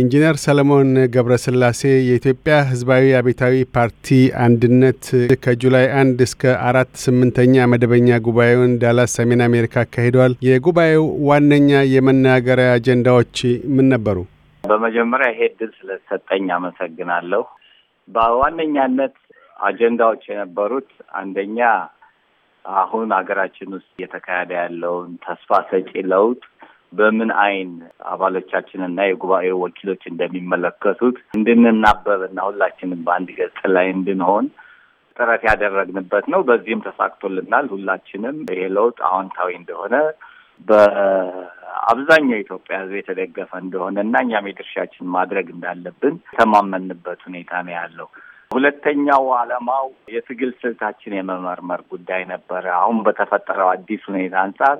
ኢንጂነር ሰለሞን ገብረስላሴ የኢትዮጵያ ህዝባዊ አቤታዊ ፓርቲ አንድነት ከጁላይ አንድ እስከ አራት ስምንተኛ መደበኛ ጉባኤውን ዳላስ ሰሜን አሜሪካ አካሂደዋል። የጉባኤው ዋነኛ የመናገሪያ አጀንዳዎች ምን ነበሩ? በመጀመሪያ ይሄ ድል ስለተሰጠኝ አመሰግናለሁ። በዋነኛነት አጀንዳዎች የነበሩት አንደኛ አሁን ሀገራችን ውስጥ እየተካሄደ ያለውን ተስፋ ሰጪ ለውጥ በምን አይን አባሎቻችንና የጉባኤ ወኪሎች እንደሚመለከቱት እንድንናበብና ሁላችንም በአንድ ገጽ ላይ እንድንሆን ጥረት ያደረግንበት ነው። በዚህም ተሳክቶልናል። ሁላችንም ይሄ ለውጥ አዎንታዊ እንደሆነ በአብዛኛው ኢትዮጵያ ሕዝብ የተደገፈ እንደሆነ እና እኛም የድርሻችን ማድረግ እንዳለብን የተማመንበት ሁኔታ ነው ያለው። ሁለተኛው ዓላማው የትግል ስልታችን የመመርመር ጉዳይ ነበረ። አሁን በተፈጠረው አዲስ ሁኔታ አንጻር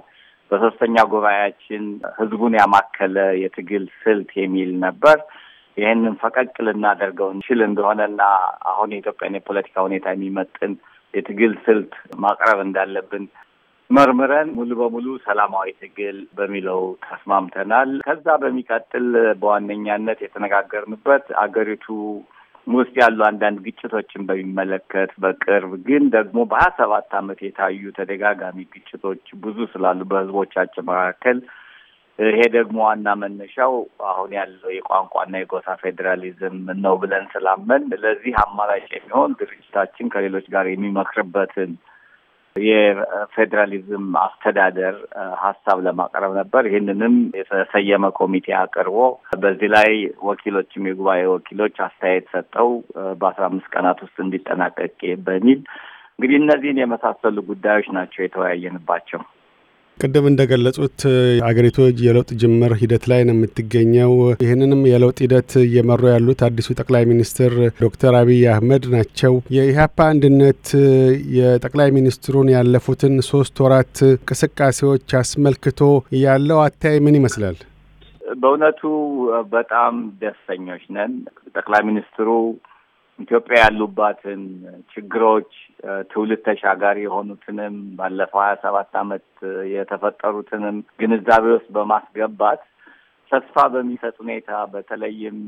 በሶስተኛ ጉባኤያችን ህዝቡን ያማከለ የትግል ስልት የሚል ነበር። ይህንን ፈቀቅ ልናደርገው እንችል እንደሆነና አሁን የኢትዮጵያን የፖለቲካ ሁኔታ የሚመጥን የትግል ስልት ማቅረብ እንዳለብን መርምረን ሙሉ በሙሉ ሰላማዊ ትግል በሚለው ተስማምተናል። ከዛ በሚቀጥል በዋነኛነት የተነጋገርንበት አገሪቱ ውስጥ ያሉ አንዳንድ ግጭቶችን በሚመለከት በቅርብ ግን ደግሞ በሀያ ሰባት ዓመት የታዩ ተደጋጋሚ ግጭቶች ብዙ ስላሉ በህዝቦቻችን መካከል ይሄ ደግሞ ዋና መነሻው አሁን ያለው የቋንቋና የጎሳ ፌዴራሊዝም ነው ብለን ስላመን ለዚህ አማራጭ የሚሆን ድርጅታችን ከሌሎች ጋር የሚመክርበትን የፌዴራሊዝም አስተዳደር ሀሳብ ለማቅረብ ነበር። ይህንንም የተሰየመ ኮሚቴ አቅርቦ በዚህ ላይ ወኪሎችም የጉባኤ ወኪሎች አስተያየት ሰጠው በአስራ አምስት ቀናት ውስጥ እንዲጠናቀቅ በሚል እንግዲህ እነዚህን የመሳሰሉ ጉዳዮች ናቸው የተወያየንባቸው። ቅድም እንደገለጹት አገሪቱ የለውጥ ጅምር ሂደት ላይ ነው የምትገኘው። ይህንንም የለውጥ ሂደት እየመሩ ያሉት አዲሱ ጠቅላይ ሚኒስትር ዶክተር አብይ አህመድ ናቸው። የኢህአፓ አንድነት የጠቅላይ ሚኒስትሩን ያለፉትን ሶስት ወራት እንቅስቃሴዎች አስመልክቶ ያለው አታይ ምን ይመስላል? በእውነቱ በጣም ደስተኞች ነን። ጠቅላይ ሚኒስትሩ ኢትዮጵያ ያሉባትን ችግሮች ትውልድ ተሻጋሪ የሆኑትንም ባለፈው ሀያ ሰባት ዓመት የተፈጠሩትንም ግንዛቤ ውስጥ በማስገባት ተስፋ በሚሰጥ ሁኔታ በተለይም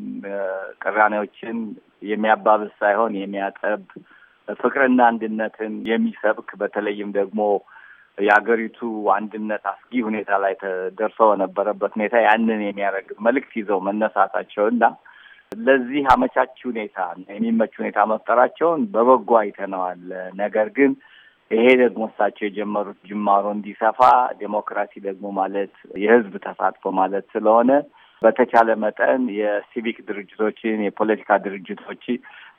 ቅራኔዎችን የሚያባብስ ሳይሆን የሚያጠብ ፍቅርና አንድነትን የሚሰብክ በተለይም ደግሞ የሀገሪቱ አንድነት አስጊ ሁኔታ ላይ ተደርሶ በነበረበት ሁኔታ ያንን የሚያደርግ መልእክት ይዘው መነሳታቸው እና ለዚህ አመቻች ሁኔታ የሚመች ሁኔታ መፍጠራቸውን በበጎ አይተነዋል። ነገር ግን ይሄ ደግሞ እሳቸው የጀመሩት ጅማሮ እንዲሰፋ ዴሞክራሲ ደግሞ ማለት የህዝብ ተሳትፎ ማለት ስለሆነ በተቻለ መጠን የሲቪክ ድርጅቶችን የፖለቲካ ድርጅቶች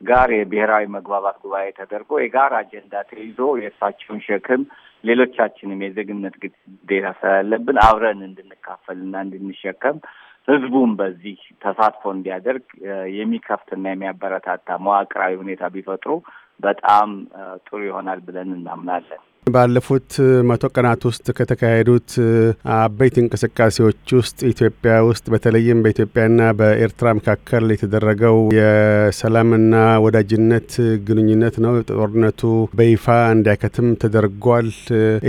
ጋር የብሔራዊ መግባባት ጉባኤ ተደርጎ የጋራ አጀንዳ ተይዞ የእሳቸውን ሸክም ሌሎቻችንም የዜግነት ግዴታ ስላለብን አብረን እንድንካፈልና እንድንሸከም ህዝቡም በዚህ ተሳትፎ እንዲያደርግ የሚከፍትና የሚያበረታታ መዋቅራዊ ሁኔታ ቢፈጥሩ በጣም ጥሩ ይሆናል ብለን እናምናለን። ባለፉት መቶ ቀናት ውስጥ ከተካሄዱት አበይት እንቅስቃሴዎች ውስጥ ኢትዮጵያ ውስጥ በተለይም በኢትዮጵያና በኤርትራ መካከል የተደረገው የሰላምና ወዳጅነት ግንኙነት ነው። ጦርነቱ በይፋ እንዲያከትም ተደርጓል።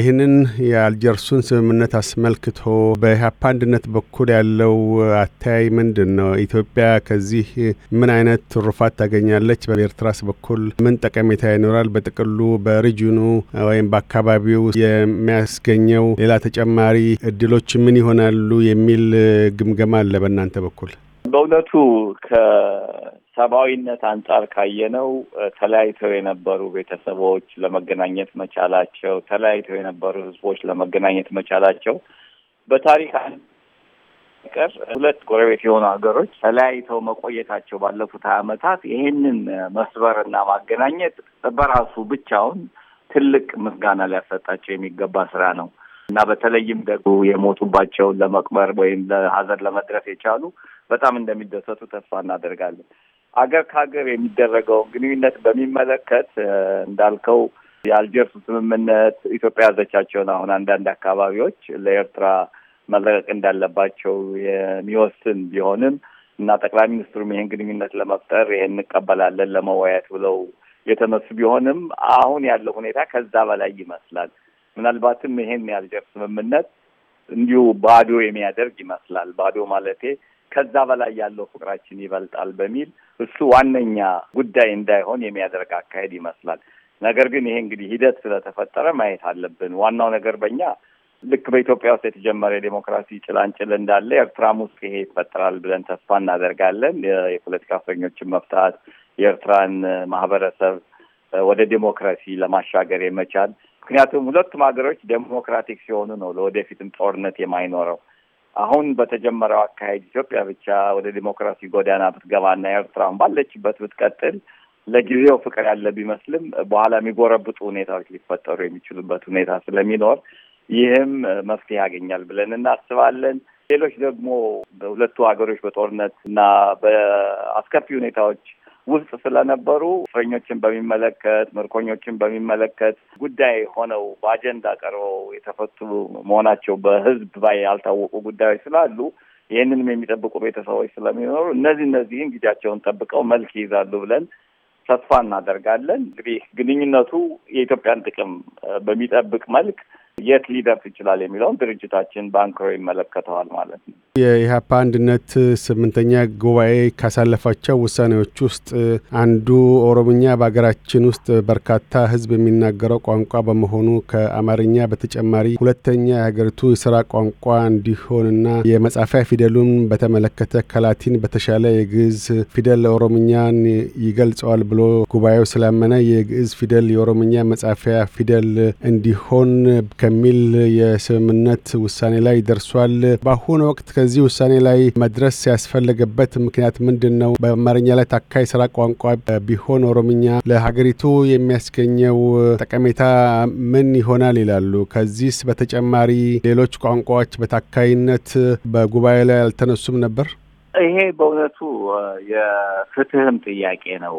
ይህንን የአልጀርሱን ስምምነት አስመልክቶ በኢህአፓ አንድነት በኩል ያለው አተያይ ምንድን ነው? ኢትዮጵያ ከዚህ ምን አይነት ትሩፋት ታገኛለች? በኤርትራስ በኩል ምን ጠቀሜታ ይኖራል? በጥቅሉ በሪጅኑ ወይም በአካባቢው የሚያስገኘው ሌላ ተጨማሪ እድሎች ምን ይሆናሉ የሚል ግምገማ አለ በእናንተ በኩል? በእውነቱ ከሰብአዊነት አንጻር ካየነው ተለያይተው የነበሩ ቤተሰቦች ለመገናኘት መቻላቸው፣ ተለያይተው የነበሩ ህዝቦች ለመገናኘት መቻላቸው በታሪክ ቀር ሁለት ጎረቤት የሆኑ ሀገሮች ተለያይተው መቆየታቸው ባለፉት ሀያ አመታት ይህንን መስበርና ማገናኘት በራሱ ብቻውን ትልቅ ምስጋና ሊያሰጣቸው የሚገባ ስራ ነው እና በተለይም ደግሞ የሞቱባቸውን ለመቅበር ወይም ለሀዘን ለመድረስ የቻሉ በጣም እንደሚደሰቱ ተስፋ እናደርጋለን። አገር ከሀገር የሚደረገውን ግንኙነት በሚመለከት እንዳልከው የአልጀርሱ ስምምነት ኢትዮጵያ ያዘቻቸውን አሁን አንዳንድ አካባቢዎች ለኤርትራ መለቀቅ እንዳለባቸው የሚወስን ቢሆንም እና ጠቅላይ ሚኒስትሩም ይህን ግንኙነት ለመፍጠር ይህን እንቀበላለን ለመወያየት ብለው የተነሱ ቢሆንም አሁን ያለው ሁኔታ ከዛ በላይ ይመስላል። ምናልባትም ይሄን የአልጀርስ ስምምነት እንዲሁ ባዶ የሚያደርግ ይመስላል። ባዶ ማለቴ ከዛ በላይ ያለው ፍቅራችን ይበልጣል በሚል እሱ ዋነኛ ጉዳይ እንዳይሆን የሚያደርግ አካሄድ ይመስላል። ነገር ግን ይሄ እንግዲህ ሂደት ስለተፈጠረ ማየት አለብን። ዋናው ነገር በእኛ ልክ በኢትዮጵያ ውስጥ የተጀመረ የዴሞክራሲ ጭላንጭል እንዳለ ኤርትራም ውስጥ ይሄ ይፈጠራል ብለን ተስፋ እናደርጋለን። የፖለቲካ እስረኞችን መፍታት የኤርትራን ማህበረሰብ ወደ ዲሞክራሲ ለማሻገር የመቻል ምክንያቱም ሁለቱም ሀገሮች ዴሞክራቲክ ሲሆኑ ነው ለወደፊትም ጦርነት የማይኖረው። አሁን በተጀመረው አካሄድ ኢትዮጵያ ብቻ ወደ ዲሞክራሲ ጎዳና ብትገባና ኤርትራን ባለችበት ብትቀጥል ለጊዜው ፍቅር ያለ ቢመስልም በኋላ የሚጎረብጡ ሁኔታዎች ሊፈጠሩ የሚችሉበት ሁኔታ ስለሚኖር ይህም መፍትሄ ያገኛል ብለን እናስባለን። ሌሎች ደግሞ በሁለቱ ሀገሮች በጦርነት እና በአስከፊ ሁኔታዎች ውስጥ ስለነበሩ እስረኞችን በሚመለከት ምርኮኞችን በሚመለከት ጉዳይ ሆነው በአጀንዳ ቀርበው የተፈቱ መሆናቸው በህዝብ ባይ ያልታወቁ ጉዳዮች ስላሉ ይህንንም የሚጠብቁ ቤተሰቦች ስለሚኖሩ እነዚህ እነዚህን ጊዜያቸውን ጠብቀው መልክ ይይዛሉ ብለን ተስፋ እናደርጋለን። እንግዲህ ግንኙነቱ የኢትዮጵያን ጥቅም በሚጠብቅ መልክ የት ሊደርስ ይችላል የሚለውን ድርጅታችን በአንክሮ ይመለከተዋል ማለት ነው። የኢህአፓ አንድነት ስምንተኛ ጉባኤ ካሳለፋቸው ውሳኔዎች ውስጥ አንዱ ኦሮምኛ በሀገራችን ውስጥ በርካታ ሕዝብ የሚናገረው ቋንቋ በመሆኑ ከአማርኛ በተጨማሪ ሁለተኛ የሀገሪቱ የስራ ቋንቋ እንዲሆንና የመጻፊያ ፊደሉን በተመለከተ ከላቲን በተሻለ የግዕዝ ፊደል ኦሮምኛን ይገልጸዋል ብሎ ጉባኤው ስላመነ የግዕዝ ፊደል የኦሮምኛ መጻፊያ ፊደል እንዲሆን ከሚል የስምምነት ውሳኔ ላይ ደርሷል። በአሁኑ ወቅት ከዚህ ውሳኔ ላይ መድረስ ያስፈለገበት ምክንያት ምንድን ነው? በአማርኛ ላይ ታካይ ስራ ቋንቋ ቢሆን ኦሮምኛ ለሀገሪቱ የሚያስገኘው ጠቀሜታ ምን ይሆናል ይላሉ። ከዚህስ በተጨማሪ ሌሎች ቋንቋዎች በታካይነት በጉባኤ ላይ አልተነሱም ነበር? ይሄ በእውነቱ የፍትህም ጥያቄ ነው።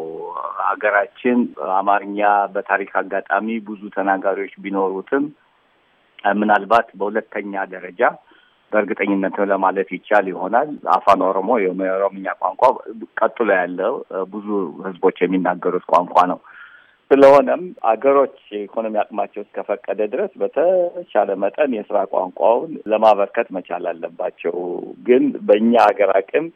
ሀገራችን አማርኛ በታሪክ አጋጣሚ ብዙ ተናጋሪዎች ቢኖሩትም ምናልባት በሁለተኛ ደረጃ በእርግጠኝነት ለማለት ይቻል ይሆናል አፋን ኦሮሞ የኦሮምኛ ቋንቋ ቀጥሎ ያለው ብዙ ህዝቦች የሚናገሩት ቋንቋ ነው። ስለሆነም አገሮች የኢኮኖሚ አቅማቸው እስከፈቀደ ድረስ በተቻለ መጠን የስራ ቋንቋውን ለማበርከት መቻል አለባቸው። ግን በእኛ ሀገር አቅም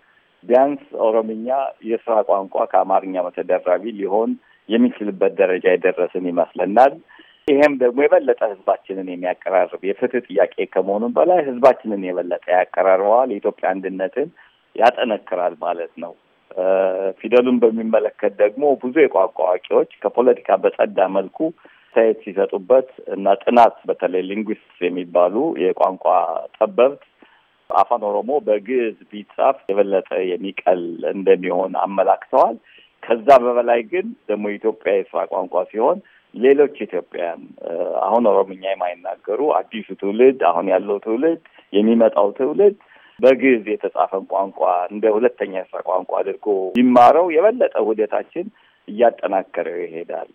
ቢያንስ ኦሮምኛ የስራ ቋንቋ ከአማርኛ በተደራቢ ሊሆን የሚችልበት ደረጃ የደረስን ይመስለናል። ይሄም ደግሞ የበለጠ ህዝባችንን የሚያቀራርብ የፍትህ ጥያቄ ከመሆኑም በላይ ህዝባችንን የበለጠ ያቀራርበዋል፣ የኢትዮጵያ አንድነትን ያጠነክራል ማለት ነው። ፊደሉን በሚመለከት ደግሞ ብዙ የቋንቋ አዋቂዎች ከፖለቲካ በጸዳ መልኩ ሳይት ሲሰጡበት እና ጥናት በተለይ ሊንጉስት የሚባሉ የቋንቋ ጠበብት አፋን ኦሮሞ በግዕዝ ቢጻፍ የበለጠ የሚቀል እንደሚሆን አመላክተዋል። ከዛ በበላይ ግን ደግሞ የኢትዮጵያ የስራ ቋንቋ ሲሆን ሌሎች ኢትዮጵያውያን አሁን ኦሮምኛ የማይናገሩ አዲሱ ትውልድ፣ አሁን ያለው ትውልድ፣ የሚመጣው ትውልድ በግዕዝ የተጻፈን ቋንቋ እንደ ሁለተኛ ስራ ቋንቋ አድርጎ ቢማረው የበለጠ ውህደታችን እያጠናከረው ይሄዳል።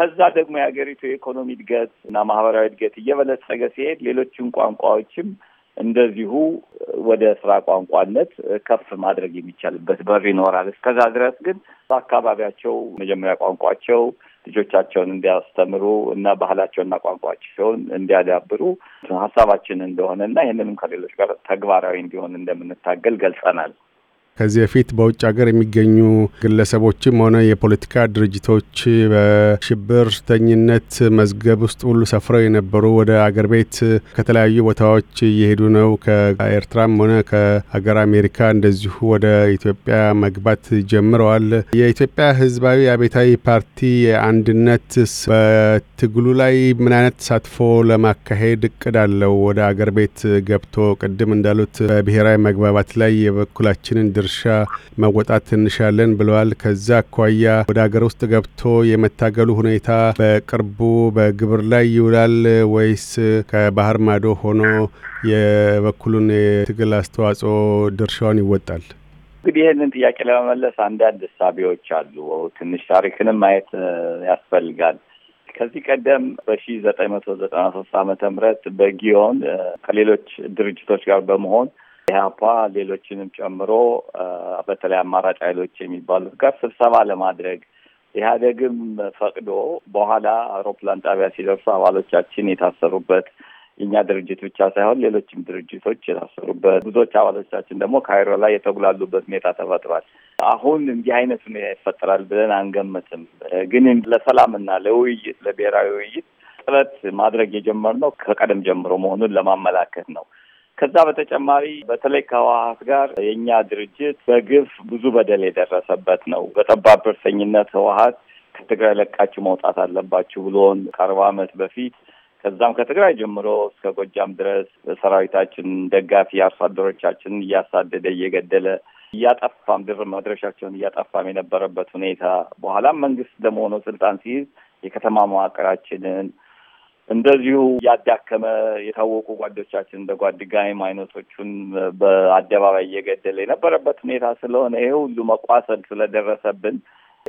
ከዛ ደግሞ የሀገሪቱ የኢኮኖሚ እድገት እና ማህበራዊ እድገት እየበለጸገ ሲሄድ ሌሎችን ቋንቋዎችም እንደዚሁ ወደ ስራ ቋንቋነት ከፍ ማድረግ የሚቻልበት በር ይኖራል። እስከዛ ድረስ ግን በአካባቢያቸው መጀመሪያ ቋንቋቸው ልጆቻቸውን እንዲያስተምሩ እና ባህላቸውና ቋንቋቸውን እንዲያዳብሩ ሀሳባችን እንደሆነ እና ይህንንም ከሌሎች ጋር ተግባራዊ እንዲሆን እንደምንታገል ገልጸናል። ከዚህ በፊት በውጭ ሀገር የሚገኙ ግለሰቦችም ሆነ የፖለቲካ ድርጅቶች በሽብርተኝነት መዝገብ ውስጥ ሁሉ ሰፍረው የነበሩ ወደ አገር ቤት ከተለያዩ ቦታዎች እየሄዱ ነው። ከኤርትራም ሆነ ከሀገር አሜሪካ እንደዚሁ ወደ ኢትዮጵያ መግባት ጀምረዋል። የኢትዮጵያ ሕዝባዊ አቤታዊ ፓርቲ አንድነት በትግሉ ላይ ምን አይነት ተሳትፎ ለማካሄድ እቅድ አለው? ወደ አገር ቤት ገብቶ ቅድም እንዳሉት በብሔራዊ መግባባት ላይ የበኩላችንን ድር ድርሻ መወጣት እንሻለን ብለዋል። ከዛ አኳያ ወደ ሀገር ውስጥ ገብቶ የመታገሉ ሁኔታ በቅርቡ በግብር ላይ ይውላል ወይስ ከባህር ማዶ ሆኖ የበኩሉን የትግል አስተዋጽኦ ድርሻውን ይወጣል? እንግዲህ ይህንን ጥያቄ ለመመለስ አንዳንድ እሳቤዎች አሉ። ትንሽ ታሪክንም ማየት ያስፈልጋል። ከዚህ ቀደም በሺ ዘጠኝ መቶ ዘጠና ሶስት አመተ ምህረት በጊዮን ከሌሎች ድርጅቶች ጋር በመሆን ኢህአፓ ሌሎችንም ጨምሮ በተለይ አማራጭ ኃይሎች የሚባሉት ጋር ስብሰባ ለማድረግ ኢህአደግም ፈቅዶ በኋላ አውሮፕላን ጣቢያ ሲደርሱ አባሎቻችን የታሰሩበት እኛ ድርጅት ብቻ ሳይሆን ሌሎችም ድርጅቶች የታሰሩበት ብዙዎች አባሎቻችን ደግሞ ካይሮ ላይ የተጉላሉበት ሁኔታ ተፈጥሯል። አሁን እንዲህ አይነት ሁኔታ ይፈጠራል ብለን አንገምትም። ግን ለሰላምና ለውይይት ለብሔራዊ ውይይት ጥረት ማድረግ የጀመርነው ከቀደም ጀምሮ መሆኑን ለማመላከት ነው። ከዛ በተጨማሪ በተለይ ከህወሀት ጋር የእኛ ድርጅት በግፍ ብዙ በደል የደረሰበት ነው። በጠባብ ብሔርተኝነት ህወሀት ከትግራይ ለቃችሁ መውጣት አለባችሁ ብሎን ከአርባ ዓመት በፊት ከዛም ከትግራይ ጀምሮ እስከ ጎጃም ድረስ ሰራዊታችን ደጋፊ አርሶ እያሳደደ እየገደለ እያጠፋም ድር መድረሻቸውን እያጠፋም የነበረበት ሁኔታ በኋላም መንግስት ለመሆኑ ስልጣን ሲይዝ የከተማ መዋቅራችንን እንደዚሁ ያዳከመ የታወቁ ጓዶቻችን እንደ ጓድጋይም አይነቶቹን በአደባባይ እየገደለ የነበረበት ሁኔታ ስለሆነ ይሄ ሁሉ መቋሰል ስለደረሰብን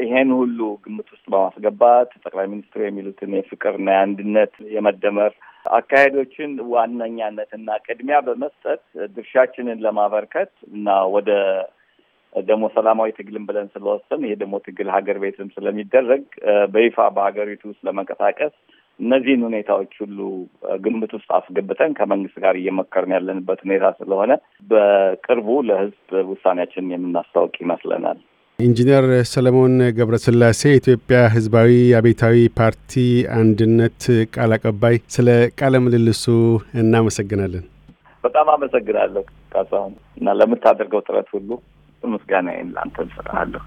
ይሄን ሁሉ ግምት ውስጥ በማስገባት ጠቅላይ ሚኒስትሩ የሚሉትን የፍቅርና የአንድነት የመደመር አካሄዶችን ዋነኛነትና ቅድሚያ በመስጠት ድርሻችንን ለማበርከት እና ወደ ደግሞ ሰላማዊ ትግልም ብለን ስለወሰን ይሄ ደግሞ ትግል ሀገር ቤትም ስለሚደረግ በይፋ በሀገሪቱ ውስጥ ለመንቀሳቀስ እነዚህን ሁኔታዎች ሁሉ ግምት ውስጥ አስገብተን ከመንግስት ጋር እየመከርን ያለንበት ሁኔታ ስለሆነ በቅርቡ ለህዝብ ውሳኔያችን የምናስታውቅ ይመስለናል። ኢንጂነር ሰለሞን ገብረስላሴ የኢትዮጵያ ህዝባዊ አቤታዊ ፓርቲ አንድነት ቃል አቀባይ፣ ስለ ቃለ ምልልሱ እናመሰግናለን። በጣም አመሰግናለሁ ካሳሁን፣ እና ለምታደርገው ጥረት ሁሉ ምስጋናዬን ለአንተ እንሰጥሃለሁ።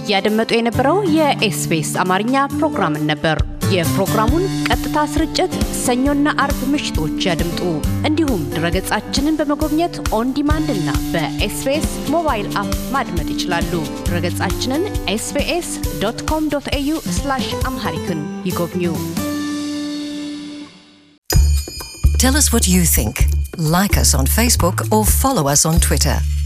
እያደመጡ የነበረው የኤስቢኤስ አማርኛ ፕሮግራምን ነበር። የፕሮግራሙን ቀጥታ ስርጭት ሰኞና አርብ ምሽቶች ያድምጡ። እንዲሁም ድረገጻችንን በመጎብኘት ኦን ዲማንድ እና በኤስቤስ ሞባይል አፕ ማድመጥ ይችላሉ። ድረገጻችንን ኤስቤስ ዶት ኮም ዶት ኤዩ አምሃሪክን ይጎብኙ። Tell us what you think. Like us on Facebook or follow us on